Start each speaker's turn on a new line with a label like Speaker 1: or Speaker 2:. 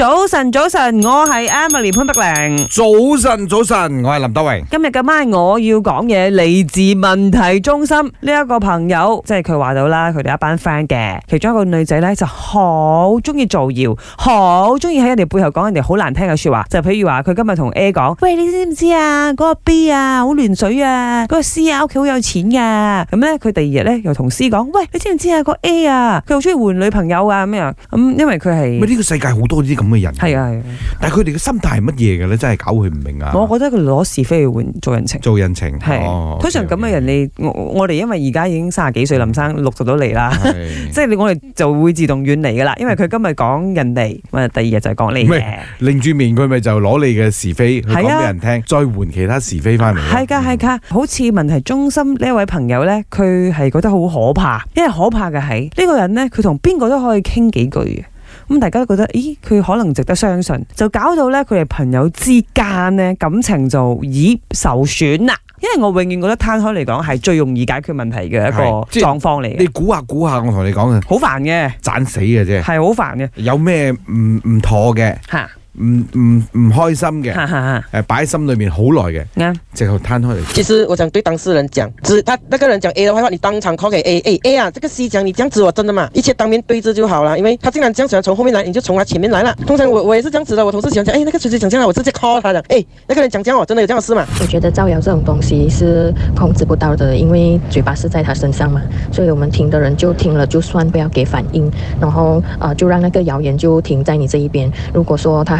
Speaker 1: 早晨，早晨，我係 Emily 潘德玲。早晨，早晨，我係林德榮。今日今晚我要講嘢嚟自問題中心呢一個朋友，即係佢話到啦，佢哋一班 friend 嘅其中一個女仔咧就好中意造謠，好中意喺人哋背後講人哋好難聽嘅說話。就譬如話佢今日同 A 講，喂你知唔知啊？嗰個 B 啊好亂水啊，嗰個 C 啊屋企好有錢㗎。咁咧佢第二日咧又同 C 講，喂你知唔知啊？個 A 啊佢好中意換女朋友啊咁樣咁，因為佢係咪呢個世界好多啲咁？咁嘅人係啊，但係佢哋嘅心態係乜嘢嘅咧？真係搞佢唔明啊！我覺得佢攞是非去換做人情，做人情係通是、哦 okay, 常咁嘅人。你 okay. 我哋因為而家已經三十幾歲，林生六十到嚟啦，的 即係我哋就會自動遠離噶啦。因為佢今日講人哋，嗯、第二日就講你，擰住面佢咪就攞你嘅是非去講俾的人聽，再換其他是非翻嚟。係噶係噶，好似問題中心呢一位朋友咧，佢係覺得好可怕，因為可怕嘅係呢個人咧，佢同邊個都可以傾幾句咁大家都覺得，咦，佢可能值得相信，就搞到咧，佢哋朋友之間咧感情就已受損啦。因為我永遠覺得攤開嚟講係最容易解決問題嘅一個狀況嚟嘅。你估下估下，我同你講嘅。好煩嘅，盞死嘅啫。係好煩嘅。煩有咩唔唔妥
Speaker 2: 嘅？吓。 唔唔唔開心嘅，誒哈哈哈哈，擺喺、呃、心裏面好耐嘅，然後、嗯、攤開嚟。其實我想對當事人講，指他那個人講 A 嘅話，你當場 call 俾 A A、哎、A 啊，這個 C 講你這樣子，我真的嘛，一切當面對質就好啦。因為他竟然這樣想從後面來，你就從他前面來啦。通常我我也是這樣子的，我同事喜歡講，誒、哎，那個 C 講咁樣，我直接 call 他嘅，誒、哎，那個人講咁樣，我真的有這樣事嘛？
Speaker 3: 我覺得造謠這種東西是控制不到的，因為嘴巴是在他身上嘛，所以我們聽的人就聽了就算，不要給反應，然後啊、呃，就讓那個謠言就停在你這一邊。如果說他，